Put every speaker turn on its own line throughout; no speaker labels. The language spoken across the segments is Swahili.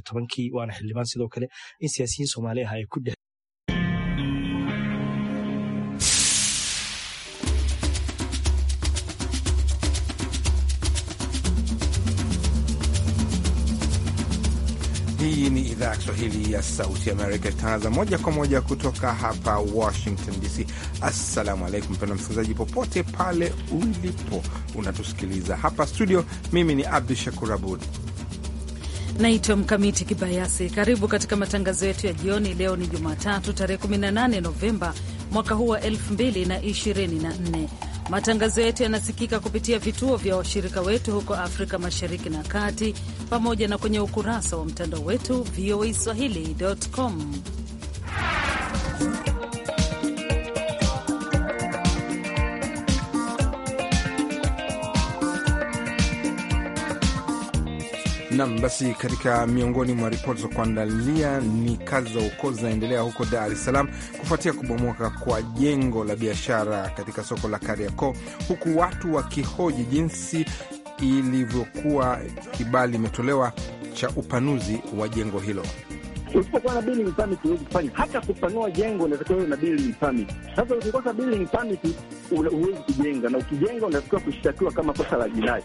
tobankii waana xildhibaan sidoo kale in siyaasiyiin soomaali ah ay ku dhex
Hii ni idhaa ya Kiswahili ya Sauti Amerika ikitangaza moja kwa moja kutoka hapa Washington DC. Assalamu alaikum mpendwa msikilizaji, popote pale ulipo unatusikiliza hapa studio. Mimi ni Abdu Shakur Abud
Naitwa Mkamiti Kibayasi. Karibu katika matangazo yetu ya jioni. Leo ni Jumatatu, tarehe 18 Novemba mwaka huu wa 2024. Matangazo yetu yanasikika kupitia vituo vya washirika wetu huko Afrika Mashariki na Kati, pamoja na kwenye ukurasa wa mtandao wetu voa swahili.com.
Nam basi, katika miongoni mwa ripoti za kuandalia ni kazi za uokozi zinaendelea huko Dar es Salaam kufuatia kubomoka kwa jengo la biashara katika soko la Kariakoo, huku watu wakihoji jinsi ilivyokuwa kibali imetolewa cha upanuzi
wa jengo hilo. Usipokuwa na building permit huwezi kufanya hata kupanua jengo, unatakiwa uwe na building permit. Sasa ukikosa building permit huwezi kujenga, na ukijenga unatakiwa kushtakiwa kama kosa la jinai.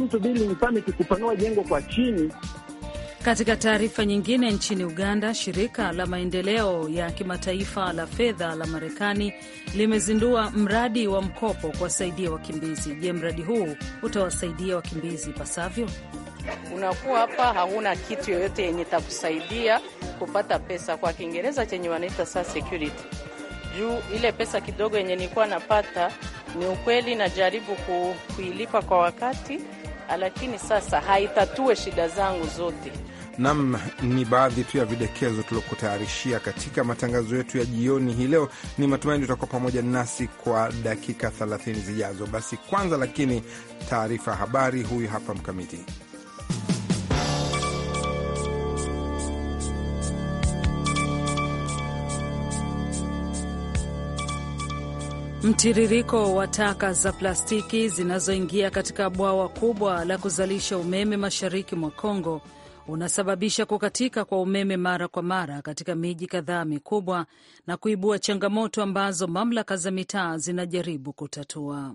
mtu building permit kupanua jengo kwa chini?
Katika taarifa nyingine, nchini Uganda, shirika la maendeleo ya kimataifa la fedha la Marekani limezindua mradi wa mkopo kuwasaidia wakimbizi. Je, mradi huu utawasaidia wakimbizi ipasavyo?
unakuwa hapa hauna kitu yoyote yenye takusaidia kupata pesa, kwa Kiingereza chenye wanaita saa security. Juu ile pesa kidogo yenye nilikuwa napata, ni ukweli najaribu kuilipa kwa wakati, lakini sasa haitatue shida zangu zote.
Nam ni baadhi tu ya vidokezo tuliokutayarishia katika matangazo yetu ya jioni hii leo. Ni matumaini utakuwa pamoja nasi kwa dakika 30 zijazo. Basi kwanza, lakini taarifa habari, huyu hapa Mkamiti.
Mtiririko wa taka za plastiki zinazoingia katika bwawa kubwa la kuzalisha umeme mashariki mwa Kongo unasababisha kukatika kwa umeme mara kwa mara katika miji kadhaa mikubwa na kuibua changamoto ambazo mamlaka za mitaa zinajaribu kutatua.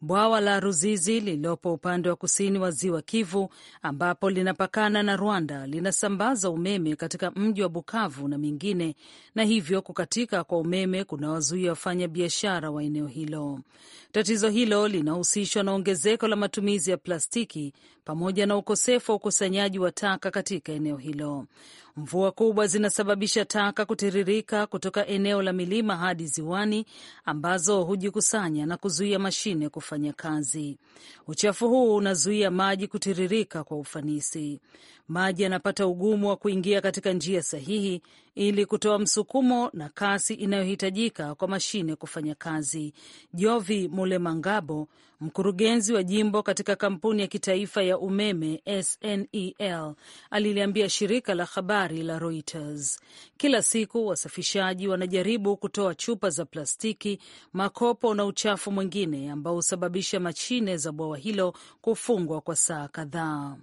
Bwawa la Ruzizi lililopo upande wa kusini wa ziwa Kivu, ambapo linapakana na Rwanda, linasambaza umeme katika mji wa Bukavu na mingine, na hivyo kukatika kwa umeme kunawazuia wafanya biashara wa eneo hilo. Tatizo hilo linahusishwa na ongezeko la matumizi ya plastiki pamoja na ukosefu wa ukusanyaji wa taka katika eneo hilo. Mvua kubwa zinasababisha taka kutiririka kutoka eneo la milima hadi ziwani ambazo hujikusanya na kuzuia mashine kufanya kazi. Uchafu huu unazuia maji kutiririka kwa ufanisi maji yanapata ugumu wa kuingia katika njia sahihi ili kutoa msukumo na kasi inayohitajika kwa mashine kufanya kazi. Jovi Mulemangabo, mkurugenzi wa jimbo katika kampuni ya kitaifa ya umeme SNEL, aliliambia shirika la habari la Reuters, kila siku wasafishaji wanajaribu kutoa chupa za plastiki, makopo na uchafu mwingine ambao husababisha mashine za bwawa hilo kufungwa kwa saa kadhaa.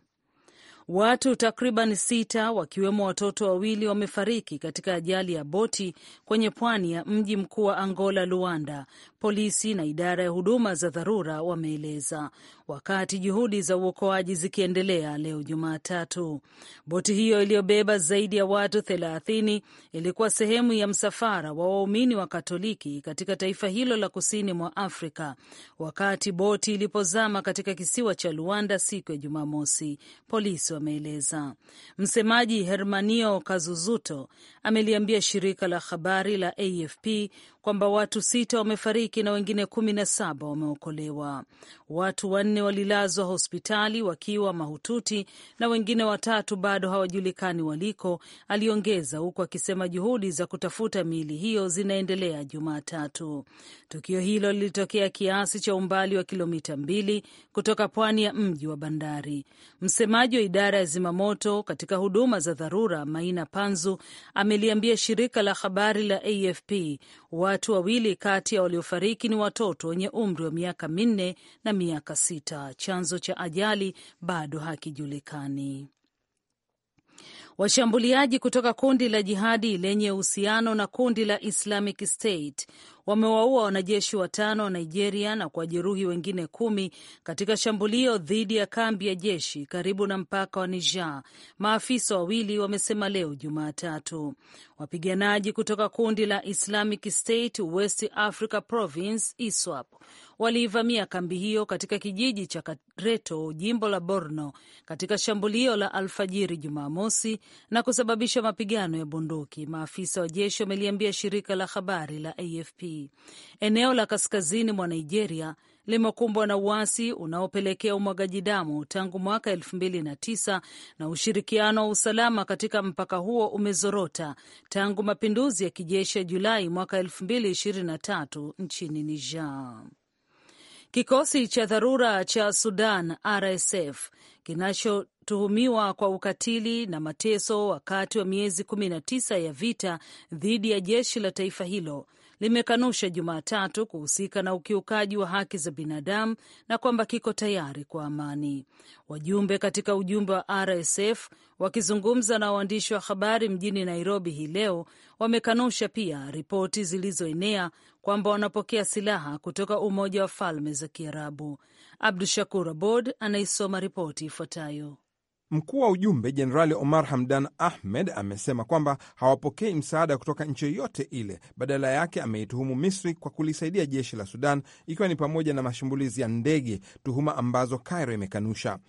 Watu takriban sita wakiwemo watoto wawili wamefariki katika ajali ya boti kwenye pwani ya mji mkuu wa Angola, Luanda, polisi na idara ya huduma za dharura wameeleza, wakati juhudi za uokoaji zikiendelea leo Jumatatu. Boti hiyo iliyobeba zaidi ya watu thelathini ilikuwa sehemu ya msafara wa waumini wa Katoliki katika taifa hilo la kusini mwa Afrika wakati boti ilipozama katika kisiwa cha Luanda siku ya Jumamosi, polisi wameeleza. Msemaji Hermanio Kazuzuto ameliambia shirika la habari la AFP kwamba watu sita wamefariki na wengine kumi na saba wameokolewa. Watu wanne walilazwa hospitali wakiwa mahututi na wengine watatu bado hawajulikani waliko, aliongeza, huku akisema juhudi za kutafuta miili hiyo zinaendelea Jumatatu. Tukio hilo lilitokea kiasi cha umbali wa kilomita mbili kutoka pwani ya mji wa bandari. Msemaji wa idara ya zimamoto katika huduma za dharura Maina Panzu ameliambia shirika la habari la AFP wa Watu wawili kati ya waliofariki ni watoto wenye umri wa miaka minne na miaka sita. Chanzo cha ajali bado hakijulikani. Washambuliaji kutoka kundi la jihadi lenye uhusiano na kundi la Islamic State wamewaua wanajeshi watano wa Nigeria na kuwajeruhi wengine kumi katika shambulio dhidi ya kambi ya jeshi karibu na mpaka wa Niger, maafisa wawili wamesema leo Jumatatu. Wapiganaji kutoka kundi la Islamic State West Africa Province ISWAP waliivamia kambi hiyo katika kijiji cha Kareto, jimbo la Borno, katika shambulio la alfajiri Jumamosi na kusababisha mapigano ya bunduki, maafisa wa jeshi wameliambia shirika la habari la AFP. Eneo la kaskazini mwa Nigeria limekumbwa na uasi unaopelekea umwagaji damu tangu mwaka elfu mbili na tisa na ushirikiano wa usalama katika mpaka huo umezorota tangu mapinduzi ya kijeshi ya Julai mwaka elfu mbili ishirini na tatu nchini Niger. Kikosi cha dharura cha Sudan RSF kinachotuhumiwa kwa ukatili na mateso wakati wa miezi 19 ya vita dhidi ya jeshi la taifa hilo limekanusha Jumatatu kuhusika na ukiukaji wa haki za binadamu na kwamba kiko tayari kwa amani. Wajumbe katika ujumbe wa RSF wakizungumza na waandishi wa habari mjini Nairobi hii leo wamekanusha pia ripoti zilizoenea kwamba wanapokea silaha kutoka Umoja wa Falme za Kiarabu. Abdu Shakur Abod anaisoma ripoti ifuatayo.
Mkuu wa ujumbe Jenerali Omar Hamdan Ahmed amesema kwamba hawapokei msaada kutoka nchi yoyote ile. Badala yake ameituhumu Misri kwa kulisaidia jeshi la Sudan, ikiwa ni pamoja na mashambulizi ya ndege, tuhuma ambazo Cairo imekanusha.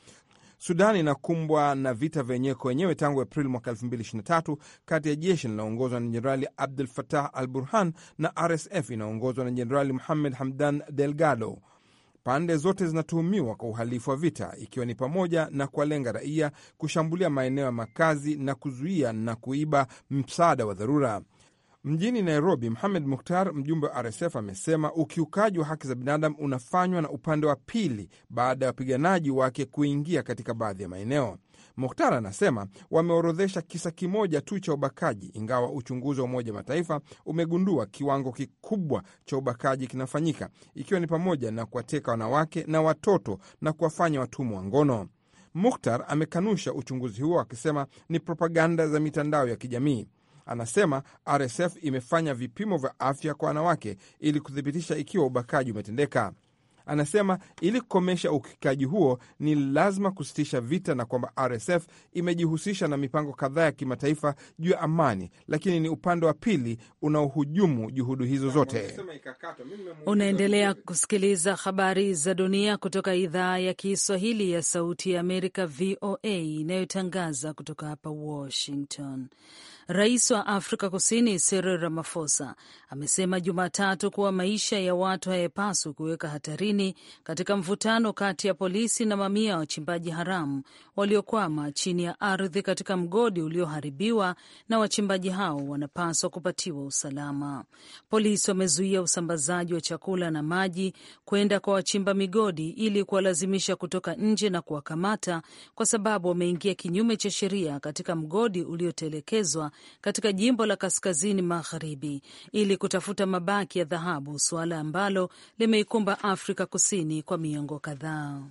Sudan inakumbwa na vita vyenyewe kwa wenyewe tangu Aprili mwaka 2023 kati ya jeshi linaloongozwa na Jenerali Abdul Fatah al Burhan na RSF inaongozwa na Jenerali Muhamed Hamdan Delgado. Pande zote zinatuhumiwa kwa uhalifu wa vita, ikiwa ni pamoja na kuwalenga raia, kushambulia maeneo ya makazi na kuzuia na kuiba msaada wa dharura. Mjini Nairobi, mhamed Mukhtar, mjumbe wa RSF, amesema ukiukaji wa haki za binadamu unafanywa na upande wa pili baada ya wapiganaji wake kuingia katika baadhi ya maeneo. Mokhtar anasema wameorodhesha kisa kimoja tu cha ubakaji, ingawa uchunguzi wa Umoja Mataifa umegundua kiwango kikubwa cha ubakaji kinafanyika, ikiwa ni pamoja na kuwateka wanawake na watoto na kuwafanya watumwa wa ngono. Mukhtar amekanusha uchunguzi huo akisema ni propaganda za mitandao ya kijamii. Anasema RSF imefanya vipimo vya afya kwa wanawake ili kuthibitisha ikiwa ubakaji umetendeka. Anasema ili kukomesha ukiukaji huo ni lazima kusitisha vita na kwamba RSF imejihusisha na mipango kadhaa ya kimataifa juu ya amani, lakini ni upande wa pili unaohujumu juhudi hizo zote.
Unaendelea kusikiliza habari za dunia kutoka idhaa ya Kiswahili ya Sauti ya Amerika, VOA, inayotangaza kutoka hapa Washington. Rais wa Afrika Kusini Cyril Ramaphosa amesema Jumatatu kuwa maisha ya watu hayapaswi kuweka hatarini katika mvutano kati ya polisi na mamia ya wachimbaji haramu waliokwama chini ya ardhi katika mgodi ulioharibiwa, na wachimbaji hao wanapaswa kupatiwa usalama. Polisi wamezuia usambazaji wa chakula na maji kwenda kwa wachimba migodi ili kuwalazimisha kutoka nje na kuwakamata, kwa sababu wameingia kinyume cha sheria katika mgodi uliotelekezwa katika jimbo la kaskazini magharibi ili kutafuta mabaki ya dhahabu, suala ambalo limeikumba Afrika Kusini kwa miongo kadhaa.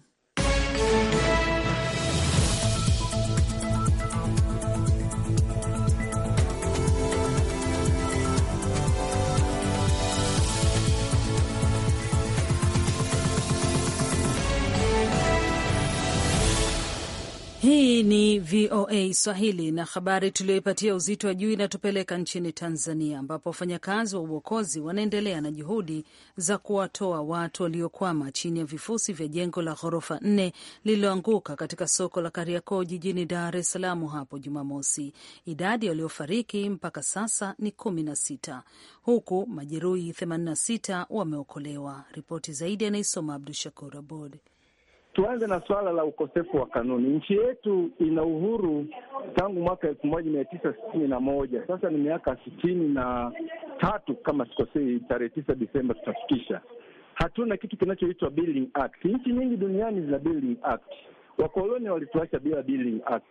Hii ni VOA Swahili na habari tuliyoipatia uzito wa juu inatupeleka nchini Tanzania, ambapo wafanyakazi wa uokozi wanaendelea na juhudi za kuwatoa watu waliokwama chini ya vifusi vya jengo la ghorofa nne lililoanguka katika soko la Kariakoo jijini Dar es Salaam hapo Jumamosi. Idadi waliofariki mpaka sasa ni kumi na sita huku majeruhi 86 wameokolewa. Ripoti zaidi anaisoma Abdu Shakur Abod.
Tuanze na swala la ukosefu wa kanuni. Nchi yetu ina uhuru tangu mwaka elfu moja mia tisa sitini na moja. Sasa ni miaka sitini na tatu kama sikosei, tarehe tisa Disemba tutafikisha. Hatuna kitu kinachoitwa Building Act. Nchi nyingi duniani zina Building Act. Wakoloni walituacha bila Building Act.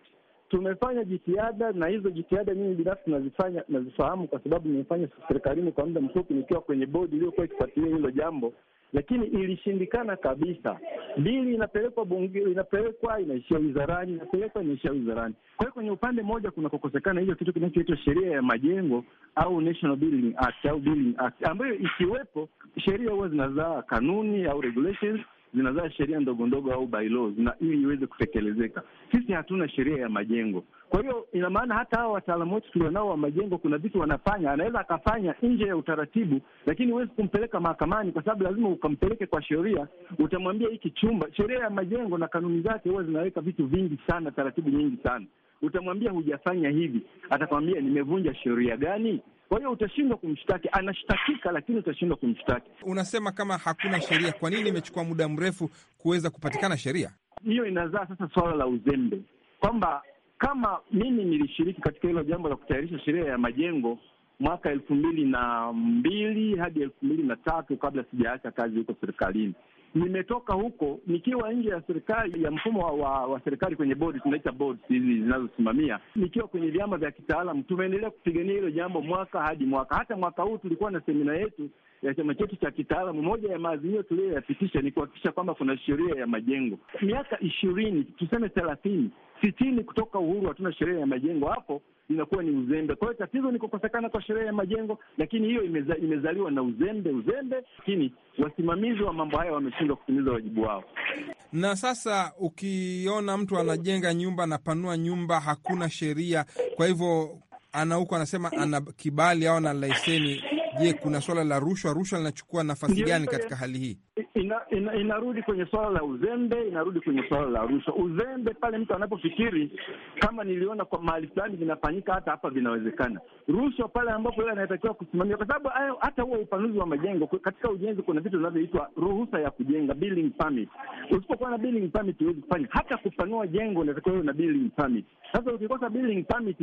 Tumefanya jitihada na hizo jitihada mimi binafsi nazifanya, nazifahamu kwa sababu nimefanya serikalini kwa muda mfupi nikiwa kwenye bodi iliyokuwa ikifuatilia hilo jambo lakini ilishindikana kabisa. Bili inapelekwa bunge, inapelekwa inaishia wizarani, inapelekwa inaishia wizarani. Kwa hiyo kwenye upande mmoja kuna kukosekana hiyo kitu kinachoitwa sheria ya majengo au National Building Act au Building Act, ambayo ikiwepo sheria huwa zinazaa kanuni au regulations zinazaa sheria ndogo ndogo au bylaws, na hiyo iweze kutekelezeka. Sisi hatuna sheria ya majengo, kwa hiyo ina maana hata hawa wataalamu wetu tulionao wa majengo kuna vitu wanafanya, anaweza akafanya nje ya utaratibu, lakini huwezi kumpeleka mahakamani kwa sababu lazima ukampeleke kwa sheria. Utamwambia hiki chumba, sheria ya majengo na kanuni zake huwa zinaweka vitu vingi sana, taratibu nyingi sana utamwambia hujafanya hivi, atakwambia nimevunja sheria gani? Kwa hiyo utashindwa kumshtaki, anashtakika lakini utashindwa kumshtaki.
Unasema kama hakuna sheria, kwa nini imechukua muda mrefu kuweza
kupatikana sheria hiyo? Inazaa sasa suala la uzembe, kwamba kama mimi nilishiriki katika hilo jambo la kutayarisha sheria ya majengo mwaka elfu mbili na mbili hadi elfu mbili na tatu kabla sijaacha kazi huko serikalini nimetoka huko nikiwa nje ya serikali ya mfumo wa, wa serikali kwenye bodi tunaita boards hizi zinazosimamia, nikiwa kwenye vyama vya kitaalamu, tumeendelea kupigania hilo jambo mwaka hadi mwaka. Hata mwaka huu tulikuwa na semina yetu ya chama chetu cha kitaalamu, moja ya maazimio tuliyoyapitisha ni kuhakikisha kwamba kuna sheria ya majengo. Miaka ishirini tuseme thelathini sitini kutoka uhuru hatuna sheria ya majengo, hapo inakuwa ni uzembe. Kwa hiyo tatizo ni kukosekana kwa sheria ya majengo, lakini hiyo imeza, imezaliwa na uzembe uzembe, lakini wasimamizi wa mambo haya wameshindwa kutimiza wajibu wao.
Na sasa ukiona mtu anajenga nyumba anapanua nyumba, hakuna sheria, kwa hivyo ana huko anasema ana kibali au ana leseni Je, kuna swala la
rushwa? Rushwa linachukua
nafasi gani katika hali hii?
ina, ina, inarudi kwenye swala la uzembe, inarudi kwenye swala la rushwa. Uzembe pale mtu anapofikiri kama niliona kwa mahali fulani vinafanyika, hata hapa vinawezekana. Rushwa pale ambapo yeye anatakiwa kusimamia, kwa sababu hata huo upanuzi wa majengo, katika ujenzi kuna vitu vinavyoitwa ruhusa ya kujenga, building permit. Usipokuwa na building permit huwezi kufanya hata kupanua jengo, unatakiwa uwe na building permit. Sasa ukikosa building permit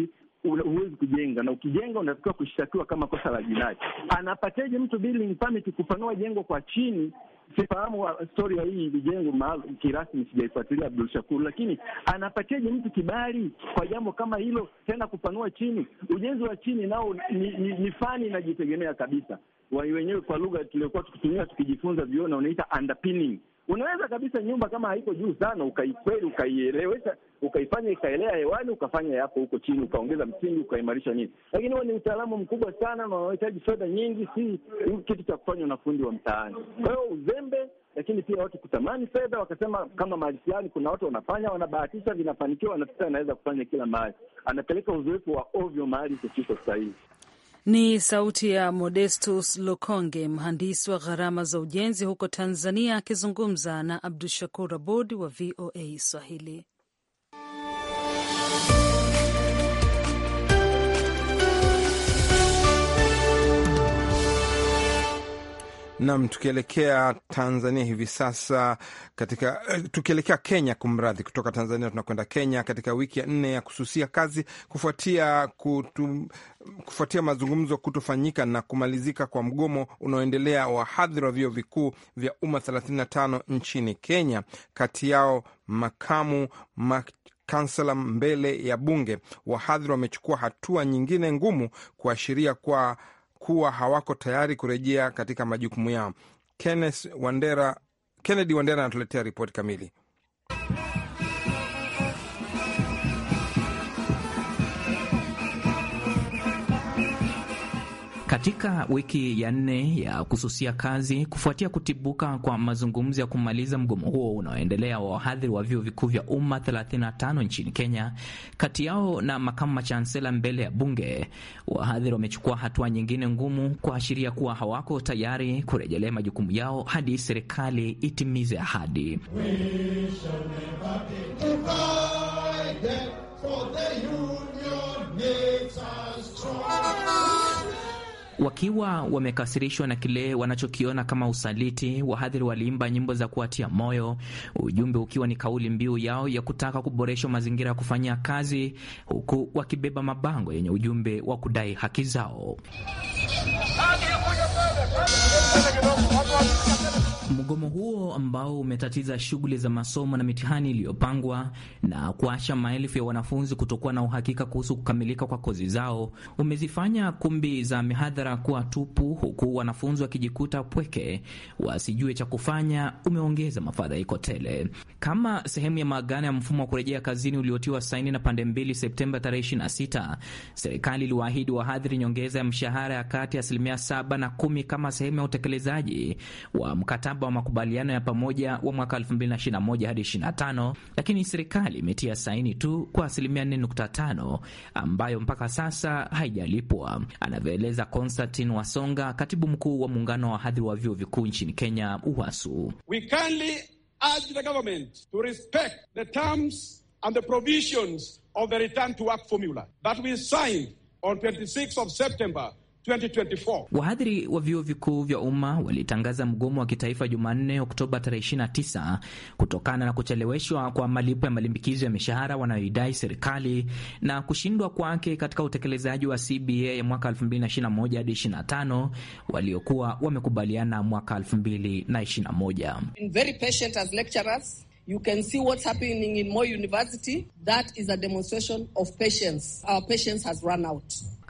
huwezi kujenga, na ukijenga unatakiwa kushtakiwa kama kosa la jinai. Anapateje mtu building permit kupanua jengo kwa chini sifahamu stori ya hii vijengo maalum kirasmi, sijaifuatilia Abdul Shakur, lakini anapatiaje mtu kibali kwa jambo kama hilo, tena kupanua chini? Ujenzi wa chini nao ni, ni, ni fani inajitegemea kabisa wenyewe kwa lugha tuliokuwa tukitumia tukijifunza viona unaita underpinning. Unaweza kabisa nyumba kama haiko juu sana ukaikweli ukaielewesha ukaifanya ikaelea hewani, ukafanya yapo huko chini, ukaongeza msingi, ukaimarisha nini. Lakini huo ni utaalamu mkubwa sana na unahitaji fedha nyingi, si kitu cha kufanywa na fundi wa mtaani. Kwa hiyo uzembe lakini pia watu kutamani fedha, wakasema kama mahali fulani kuna watu wanafanya, wanabahatisha, vinafanikiwa, wanafikiri anaweza kufanya kila mahali, anapeleka uzoefu wa ovyo mahali kusiko sahihi.
Ni sauti ya Modestus Lukonge, mhandisi wa gharama za ujenzi huko Tanzania, akizungumza na Abdu Shakur Abud wa VOA Swahili.
Nam, tukielekea Tanzania hivi sasa katika, eh, tukielekea Kenya kumradhi, kutoka Tanzania tunakwenda Kenya katika wiki ya nne ya kususia kazi kufuatia kutu, kufuatia mazungumzo kutofanyika na kumalizika kwa mgomo unaoendelea wahadhiri wa vyuo vikuu vya umma 35 nchini Kenya, kati yao makamu mak kansela mbele ya bunge. Wahadhiri wamechukua hatua nyingine ngumu kuashiria kwa kuwa hawako tayari kurejea katika majukumu yao. Kennedy Wandera anatuletea ripoti kamili.
Katika wiki ya nne ya kususia kazi kufuatia kutibuka kwa mazungumzo ya kumaliza mgomo huo unaoendelea wa wahadhiri wa vyuo vikuu vya umma 35 nchini Kenya, kati yao na makamu machansela mbele ya bunge, wahadhiri wamechukua hatua nyingine ngumu kuashiria kuwa hawako tayari kurejelea majukumu yao hadi serikali itimize ahadi. Wakiwa wamekasirishwa na kile wanachokiona kama usaliti, wahadhiri waliimba nyimbo za kuatia moyo, ujumbe ukiwa ni kauli mbiu yao ya kutaka kuboresha mazingira ya kufanyia kazi, huku wakibeba mabango yenye ujumbe wa kudai haki zao. Mgomo huo ambao umetatiza shughuli za masomo na mitihani iliyopangwa na kuacha maelfu ya wanafunzi kutokuwa na uhakika kuhusu kukamilika kwa kozi zao umezifanya kumbi za mihadhara kuwa tupu, huku wanafunzi wakijikuta pweke wasijue cha kufanya, umeongeza mafadhaiko tele. Kama sehemu ya maagano ya mfumo wa kurejea kazini uliotiwa saini na pande mbili Septemba tarehe 26, serikali iliwaahidi wahadhiri nyongeza ya mshahara ya kati ya asilimia 7 na 10 kama sehemu ya utekelezaji wa mkataba mkataba wa makubaliano ya pamoja wa mwaka 2021 hadi 25, lakini serikali imetia saini tu kwa asilimia 4.5 ambayo mpaka sasa haijalipwa, anavyoeleza Konstantin Wasonga, katibu mkuu wa muungano wa wahadhiri wa vyuo vikuu nchini Kenya, UWASU.
We kindly urge the government
to respect the terms and the provisions of the return to work formula that we signed on 26 of September 2024.
Wahadhiri wa vyuo vikuu vya umma walitangaza mgomo wa kitaifa Jumanne, Oktoba 29 kutokana na kucheleweshwa kwa malipo ya malimbikizo ya mishahara wanayoidai serikali na kushindwa kwake katika utekelezaji wa CBA ya mwaka 2021 hadi 25 waliokuwa wamekubaliana mwaka 2021.
You can see what's happening in Moi University. That is a demonstration of patience. Our patience has run out.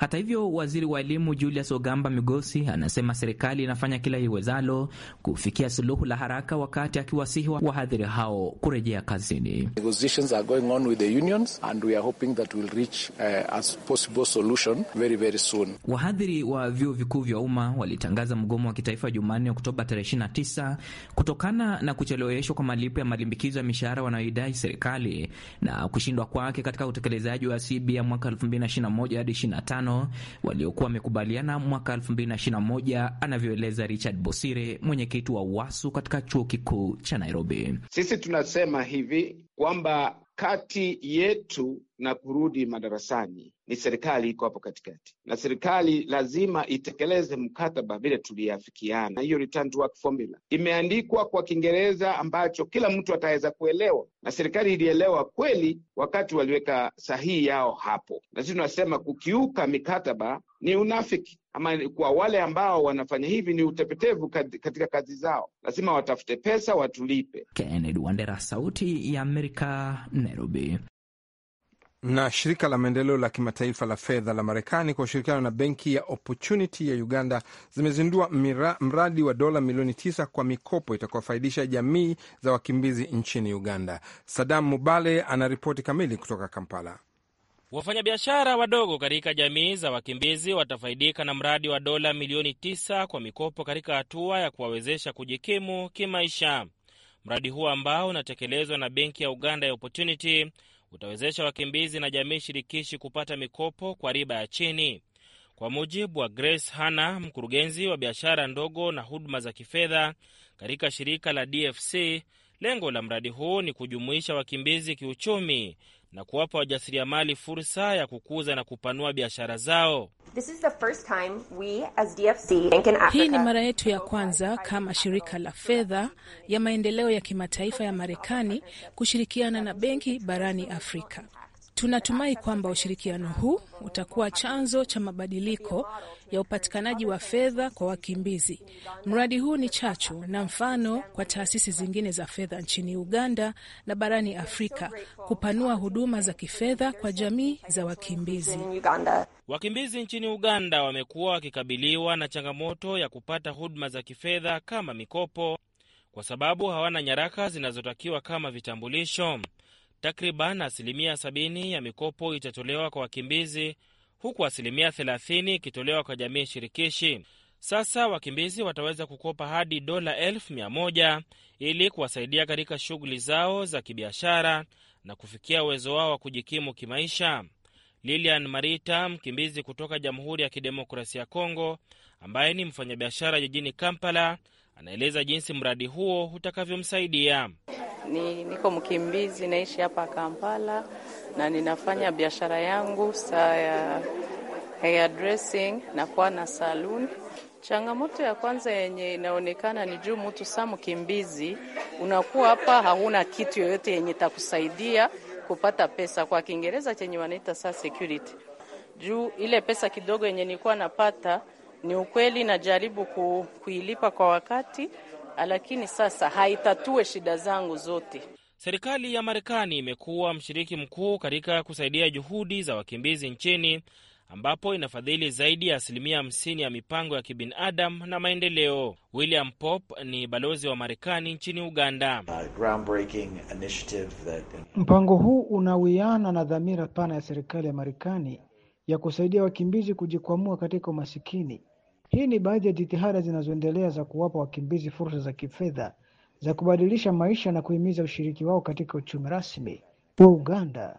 Hata hivyo, waziri wa elimu Julius Ogamba Migosi anasema serikali inafanya kila iwezalo kufikia suluhu la haraka, wakati akiwasihi wahadhiri hao kurejea kazini. Wahadhiri wa vyuo vikuu vya umma walitangaza mgomo wa kitaifa Jumanne, Oktoba 29 kutokana na kucheleweshwa kwa malipo ya malimbikizo ya mishahara wanayoidai serikali na kushindwa kwake katika utekelezaji wa CB ya mwaka 2021 hadi 25 makubaliano waliokuwa wamekubaliana mwaka 2021, anavyoeleza Richard Bosire, mwenyekiti wa UWASU katika chuo kikuu cha Nairobi.
Sisi tunasema hivi kwamba kati yetu na kurudi madarasani ni serikali iko hapo katikati, na serikali lazima itekeleze mkataba vile tuliafikiana. Hiyo return to work formula imeandikwa kwa Kiingereza ambacho kila mtu ataweza kuelewa, na serikali ilielewa kweli wakati waliweka sahihi yao hapo. Na sisi tunasema kukiuka mikataba ni unafiki ama kwa wale ambao wanafanya hivi ni utepetevu katika kazi zao. Lazima watafute pesa watulipe.
Kennedy Wandera, Sauti ya Amerika,
Nairobi.
Na shirika la maendeleo la
kimataifa la fedha la Marekani kwa ushirikiano na benki ya Opportunity ya Uganda zimezindua mira, mradi wa dola milioni tisa kwa mikopo itakayofaidisha jamii za wakimbizi nchini Uganda. Sadam Mubale anaripoti kamili kutoka Kampala.
Wafanyabiashara wadogo katika jamii za wakimbizi watafaidika na mradi wa dola milioni tisa kwa mikopo katika hatua ya kuwawezesha kujikimu kimaisha. Mradi huo ambao unatekelezwa na benki ya Uganda ya Opportunity utawezesha wakimbizi na jamii shirikishi kupata mikopo kwa riba ya chini. Kwa mujibu wa Grace Hanna, mkurugenzi wa biashara ndogo na huduma za kifedha katika shirika la DFC, lengo la mradi huu ni kujumuisha wakimbizi kiuchumi na kuwapa wajasiriamali fursa ya kukuza na kupanua biashara zao. Hii ni
mara yetu ya kwanza kama shirika la fedha ya maendeleo ya kimataifa ya Marekani kushirikiana na benki barani Afrika. Tunatumai kwamba ushirikiano huu utakuwa chanzo cha mabadiliko ya upatikanaji wa fedha kwa wakimbizi. Mradi huu ni chachu na mfano kwa taasisi zingine za fedha nchini Uganda na barani Afrika kupanua huduma za kifedha kwa jamii za wakimbizi.
Wakimbizi nchini Uganda wamekuwa wakikabiliwa na changamoto ya kupata huduma za kifedha kama mikopo, kwa sababu hawana nyaraka zinazotakiwa kama vitambulisho. Takriban asilimia 70 ya mikopo itatolewa kwa wakimbizi huku asilimia 30 ikitolewa kwa jamii shirikishi. Sasa wakimbizi wataweza kukopa hadi dola elfu mia moja ili kuwasaidia katika shughuli zao za kibiashara na kufikia uwezo wao wa kujikimu kimaisha. Lilian Marita, mkimbizi kutoka Jamhuri ya Kidemokrasia ya Kongo ambaye ni mfanyabiashara jijini Kampala, anaeleza jinsi mradi huo utakavyomsaidia.
Ni, niko mkimbizi naishi hapa Kampala na ninafanya biashara yangu saa ya hairdressing na kuwa na saluni. Changamoto ya kwanza yenye inaonekana ni juu mtu saa mkimbizi unakuwa hapa, hauna kitu yoyote yenye takusaidia kupata pesa, kwa Kiingereza chenye wanaita saa security. Juu ile pesa kidogo yenye nilikuwa napata ni ukweli, najaribu ku, kuilipa kwa wakati, lakini sasa haitatue shida zangu zote.
Serikali ya Marekani imekuwa mshiriki mkuu katika kusaidia juhudi za wakimbizi nchini ambapo inafadhili zaidi ya asilimia hamsini ya mipango ya kibinadamu na maendeleo. William Pop ni balozi wa Marekani nchini Uganda.
That...
mpango huu unawiana na dhamira pana ya serikali ya Marekani ya kusaidia wakimbizi kujikwamua katika umasikini hii ni baadhi ya jitihada zinazoendelea za kuwapa wakimbizi fursa za kifedha za kubadilisha maisha na kuhimiza ushiriki wao katika uchumi rasmi wa Uganda.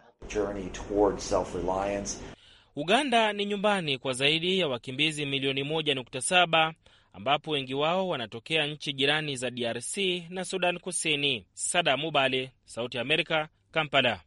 Uganda ni nyumbani kwa zaidi ya wakimbizi milioni 1.7 ambapo wengi wao wanatokea nchi jirani za DRC na Sudan Kusini. Sada Mubale, Sauti ya Amerika, Kampala.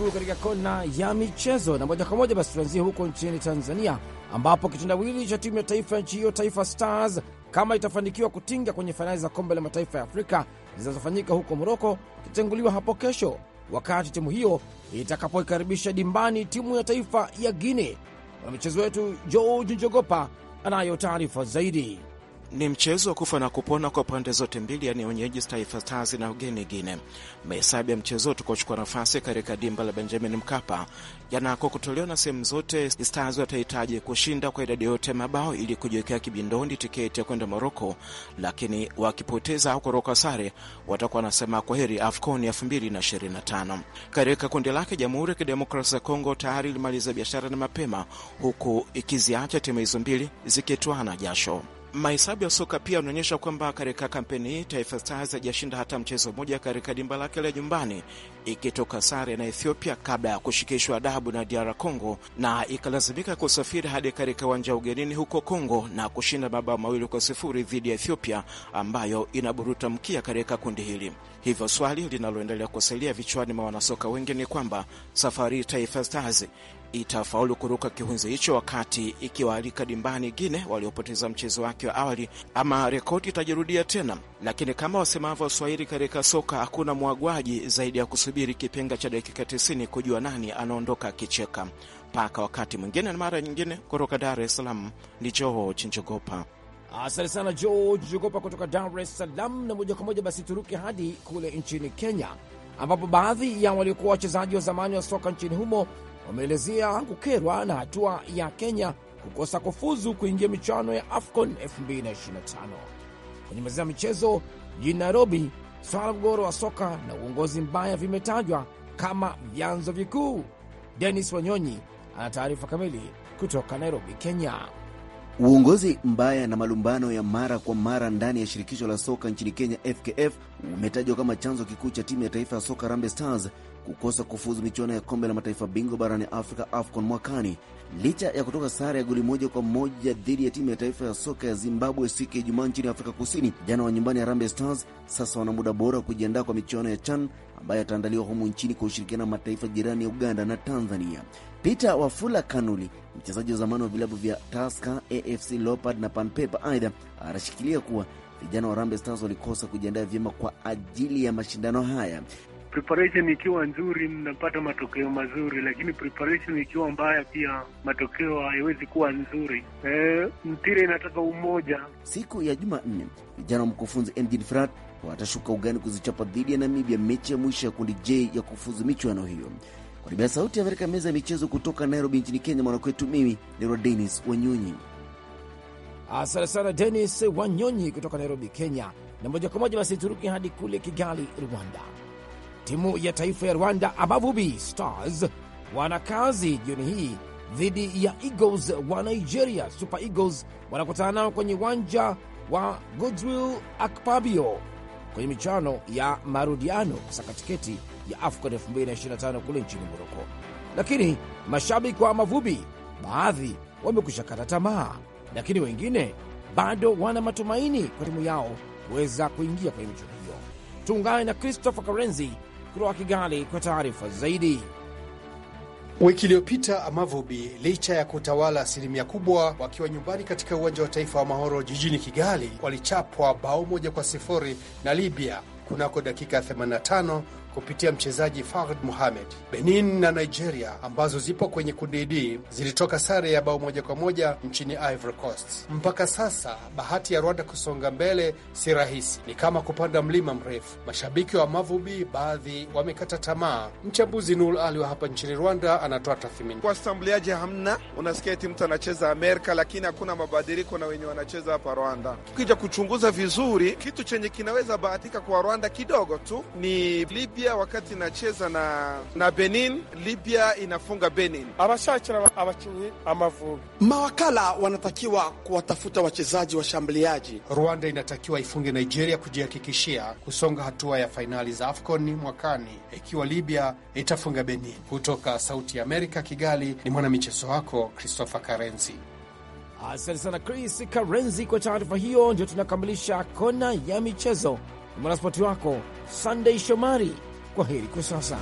karibu katika kona ya michezo, na moja kwa moja basi tuanzie huko nchini Tanzania, ambapo kitendawili cha timu ya taifa ya nchi hiyo Taifa Stars kama itafanikiwa kutinga kwenye fainali za kombe la mataifa ya Afrika zinazofanyika huko Moroko kitatenguliwa hapo kesho, wakati timu hiyo itakapoikaribisha dimbani timu ya taifa ya Guine. Mwanamichezo wetu George Njogopa anayo taarifa zaidi. Ni mchezo wa kufa na
kupona kwa pande zote mbili, yaani wenyeji Taifa Stars na ugeni Gine. Mahesabu ya mchezo tukachukua nafasi katika dimba la Benjamin Mkapa yanako kutolewa na sehemu zote. Stars watahitaji kushinda kwa idadi yote mabao ili kujiwekea kibindoni tiketi ya kwenda Moroko, lakini wakipoteza au koroka sare watakuwa wanasema kwa heri AFCON 2025. Katika kundi lake, Jamhuri ya Kidemokrasia ya Kongo tayari ilimaliza biashara na mapema, huku ikiziacha timu hizo mbili zikitwana jasho. Mahesabu ya soka pia yanaonyesha kwamba katika kampeni hii Taifa Stars hajashinda hata mchezo mmoja katika dimba lake la nyumbani, ikitoka sare na Ethiopia kabla ya kushikishwa adabu na DR Congo na ikalazimika kusafiri hadi katika uwanja wa ugenini huko Congo na kushinda mabao mawili kwa sifuri dhidi ya Ethiopia ambayo inaburuta mkia katika kundi hili. Hivyo swali linaloendelea kusalia vichwani mwa wanasoka wengi ni kwamba safari Taifa Stars itafaulu kuruka kihunzi hicho wakati ikiwaalika dimbani Gine waliopoteza mchezo wake wa awali, ama rekodi itajirudia tena. Lakini kama wasemavyo Waswahili, katika soka hakuna mwagwaji zaidi ya kusubiri kipenga cha dakika 90 kujua nani anaondoka akicheka. Mpaka wakati mwingine na mara nyingine, kutoka Dar es Salaam ni George Njogopa.
Asante sana George Njogopa kutoka Dar es Salaam. Na moja kwa moja basi turuke hadi kule nchini Kenya ambapo baadhi ya waliokuwa wachezaji wa zamani wa soka nchini humo wameelezea kukerwa na hatua ya Kenya kukosa kufuzu kuingia michuano ya AFCON 2025. Kwenye meza ya michezo jijini Nairobi, swala la mgogoro wa soka na uongozi mbaya vimetajwa kama vyanzo vikuu. Denis Wanyonyi ana taarifa kamili kutoka
Nairobi, Kenya. Uongozi mbaya na malumbano ya mara kwa mara ndani ya shirikisho la soka nchini Kenya, FKF, umetajwa kama chanzo kikuu cha timu ya taifa ya soka Harambee Stars kukosa kufuzu michuano ya kombe la mataifa bingwa barani Afrika AFCON mwakani licha ya kutoka sare ya goli moja kwa moja dhidi ya timu ya taifa ya soka ya Zimbabwe siku ya Ijumaa nchini Afrika Kusini. Vijana wa nyumbani ya Harambee Stars sasa wana muda bora wa kujiandaa kwa michuano ya CHAN ambayo yataandaliwa humu nchini kwa ushirikiano na mataifa jirani ya Uganda na Tanzania. Peter Wafula Kanuli, mchezaji wa zamani wa vilabu vya Tusker, AFC Leopards na Panpepa, aidha anashikilia kuwa vijana wa Harambee Stars walikosa kujiandaa vyema kwa ajili ya mashindano haya
preparation ikiwa nzuri mnapata matokeo mazuri, lakini preparation ikiwa mbaya pia matokeo haiwezi kuwa nzuri. E, mpira inataka umoja.
Siku ya Jumanne vijana wa mkufunzi Emjin Frat watashuka ugani kuzichapa dhidi ya Namibia, mechi ya mwisho ya kundi J ya kufuzu michuano hiyo. Kwa niaba ya Sauti ya Amerika, meza ya michezo kutoka Nairobi nchini Kenya, mwanakwetu mimi ni Denis Wanyonyi.
Asante sana Denis Wanyonyi kutoka Nairobi, Kenya. Na moja kwa moja basi turuki hadi kule Kigali, Rwanda timu ya taifa ya Rwanda Amavubi Stars wana kazi jioni hii dhidi ya Eagles wa Nigeria. Super Eagles wanakutana nao kwenye uwanja wa Goodwill Akpabio kwenye michano ya marudiano kusaka tiketi ya AFCON 2025 kule nchini Moroko. Lakini mashabiki wa Amavubi baadhi wamekwisha kata tamaa, lakini wengine bado wana matumaini kwa timu yao kuweza kuingia kwenye michuano hiyo. Tuungane na Christopher Karenzi kutoka Kigali kwa taarifa zaidi. Wiki iliyopita Amavubi, licha ya kutawala
asilimia kubwa wakiwa nyumbani katika uwanja wa taifa wa Mahoro jijini Kigali, walichapwa bao moja kwa sifuri na Libya kunako dakika 85 kupitia mchezaji Fahd muhamed Benin na Nigeria ambazo zipo kwenye kundi D zilitoka sare ya bao moja kwa moja nchini Ivory Coast. Mpaka sasa bahati ya Rwanda kusonga mbele si rahisi, ni kama kupanda mlima mrefu. Mashabiki wa Mavubi baadhi wamekata tamaa. Mchambuzi Nul Ali wa hapa nchini Rwanda anatoa tathmini. Kwa hamna, unasikia eti mtu anacheza Amerika, lakini hakuna mabadiliko na wenye wanacheza hapa Rwanda. Tukija kuchunguza vizuri, kitu chenye kinaweza bahatika kwa Rwanda kidogo tu ni Libya Libya wakati inacheza na, na Benin. Libya inafunga Benin. abashakira abakinyi amavubi. Mawakala wanatakiwa kuwatafuta wachezaji washambuliaji. Rwanda inatakiwa ifunge Nigeria kujihakikishia kusonga hatua ya fainali za AFCON mwakani ikiwa Libya itafunga Benin. Kutoka Sauti ya Amerika, Kigali, ni mwanamichezo wako Christopher
Karenzi. Asante sana Chris Karenzi kwa taarifa hiyo. Ndio tunakamilisha kona ya michezo. Ni mwanaspoti wako Sunday Shomari kwa heri kwa sasa.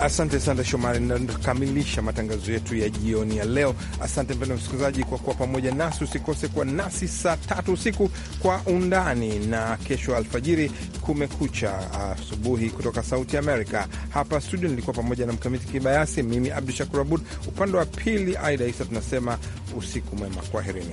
Asante sana Shomari, nakamilisha matangazo yetu ya jioni ya leo. Asante mpendwa msikilizaji kwa kuwa pamoja nasi. Usikose kuwa nasi saa tatu usiku kwa undani, na kesho alfajiri kumekucha asubuhi uh, kutoka Sauti Amerika hapa studio. Nilikuwa pamoja na Mkamiti Kibayasi, mimi Abdu Shakur Abud, upande wa pili Aida Isa. Tunasema usiku mwema, kwaherini.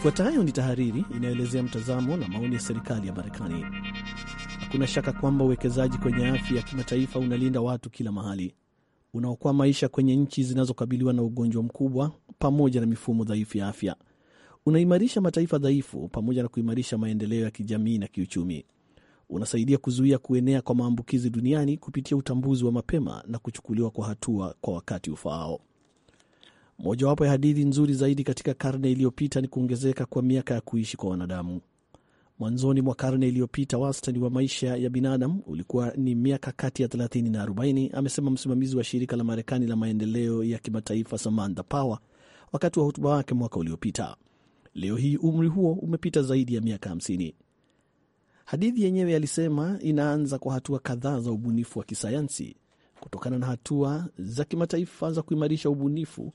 Ifuatayo ni tahariri inayoelezea mtazamo na maoni ya serikali ya Marekani. Hakuna shaka kwamba uwekezaji kwenye afya ya kimataifa unalinda watu kila mahali, unaokoa maisha kwenye nchi zinazokabiliwa na ugonjwa mkubwa pamoja na mifumo dhaifu ya afya, unaimarisha mataifa dhaifu pamoja na kuimarisha maendeleo ya kijamii na kiuchumi, unasaidia kuzuia kuenea kwa maambukizi duniani kupitia utambuzi wa mapema na kuchukuliwa kwa hatua kwa wakati ufaao. Mojawapo ya hadithi nzuri zaidi katika karne iliyopita ni kuongezeka kwa miaka ya kuishi kwa wanadamu. Mwanzoni mwa karne iliyopita wastani wa maisha ya binadamu ulikuwa ni miaka kati ya 30 na 40, amesema msimamizi wa shirika la Marekani la maendeleo ya kimataifa Samantha Power wakati wa hotuba wake mwaka uliopita. Leo hii umri huo umepita zaidi ya miaka 50. Hadithi yenyewe, alisema, inaanza kwa hatua kadhaa za ubunifu wa kisayansi. Kutokana na hatua za kimataifa za kuimarisha ubunifu,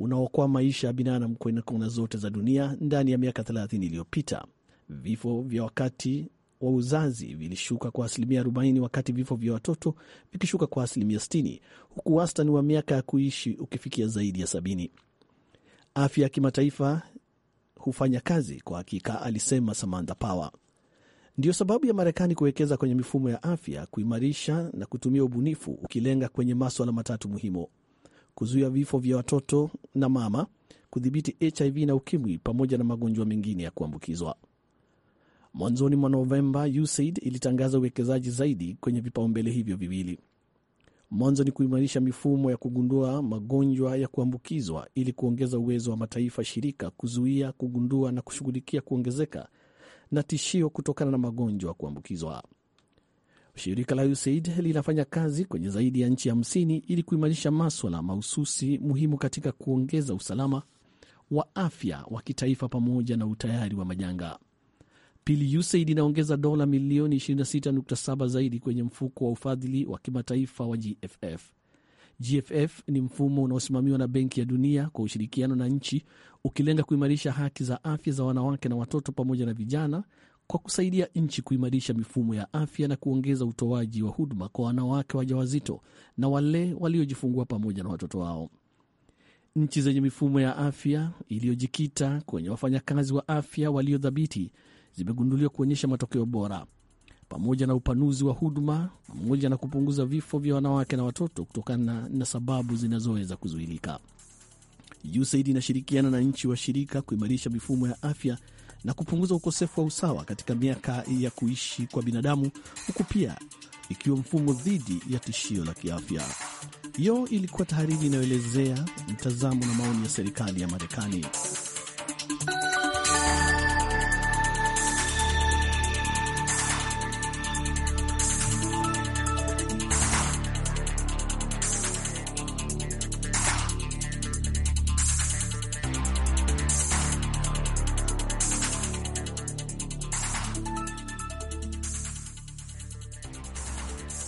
unaokoa maisha ya binadamu kwenye kona zote za dunia ndani ya miaka 30 iliyopita. Vifo vya wakati wa uzazi vilishuka kwa asilimia 40 wakati vifo vya watoto vikishuka kwa asilimia 60 huku wastani wa miaka ya kuishi ukifikia zaidi ya sabini. Afya ya kimataifa hufanya kazi kwa hakika, alisema Samantha Power. Ndiyo sababu ya Marekani kuwekeza kwenye mifumo ya afya, kuimarisha na kutumia ubunifu, ukilenga kwenye maswala matatu muhimu: kuzuia vifo vya watoto na mama, kudhibiti HIV na ukimwi pamoja na magonjwa mengine ya kuambukizwa. Mwanzoni mwa Novemba, USAID ilitangaza uwekezaji zaidi kwenye vipaumbele hivyo viwili. Mwanzo ni kuimarisha mifumo ya kugundua magonjwa ya kuambukizwa ili kuongeza uwezo wa mataifa shirika kuzuia, kugundua na kushughulikia kuongezeka na tishio kutokana na magonjwa ya kuambukizwa. Shirika la USAID linafanya kazi kwenye zaidi ya nchi hamsini ili kuimarisha maswala mahususi muhimu katika kuongeza usalama wa afya wa kitaifa pamoja na utayari wa majanga. Pili, USAID inaongeza dola milioni 26.7 zaidi kwenye mfuko wa ufadhili wa kimataifa wa GFF. GFF ni mfumo unaosimamiwa na Benki ya Dunia kwa ushirikiano na nchi, ukilenga kuimarisha haki za afya za wanawake na watoto pamoja na vijana kwa kusaidia nchi kuimarisha mifumo ya afya na kuongeza utoaji wa huduma kwa wanawake wajawazito na wale waliojifungua pamoja na watoto wao. Nchi zenye mifumo ya afya iliyojikita kwenye wafanyakazi wa afya waliodhabiti zimegunduliwa kuonyesha matokeo bora pamoja na upanuzi wa huduma pamoja na kupunguza vifo vya wanawake na watoto kutokana na sababu zinazoweza kuzuilika. USAID inashirikiana na nchi washirika kuimarisha mifumo ya afya na kupunguza ukosefu wa usawa katika miaka ya kuishi kwa binadamu, huku pia ikiwa mfumo dhidi ya tishio la kiafya. Hiyo ilikuwa tahariri inayoelezea mtazamo na maoni ya serikali ya Marekani.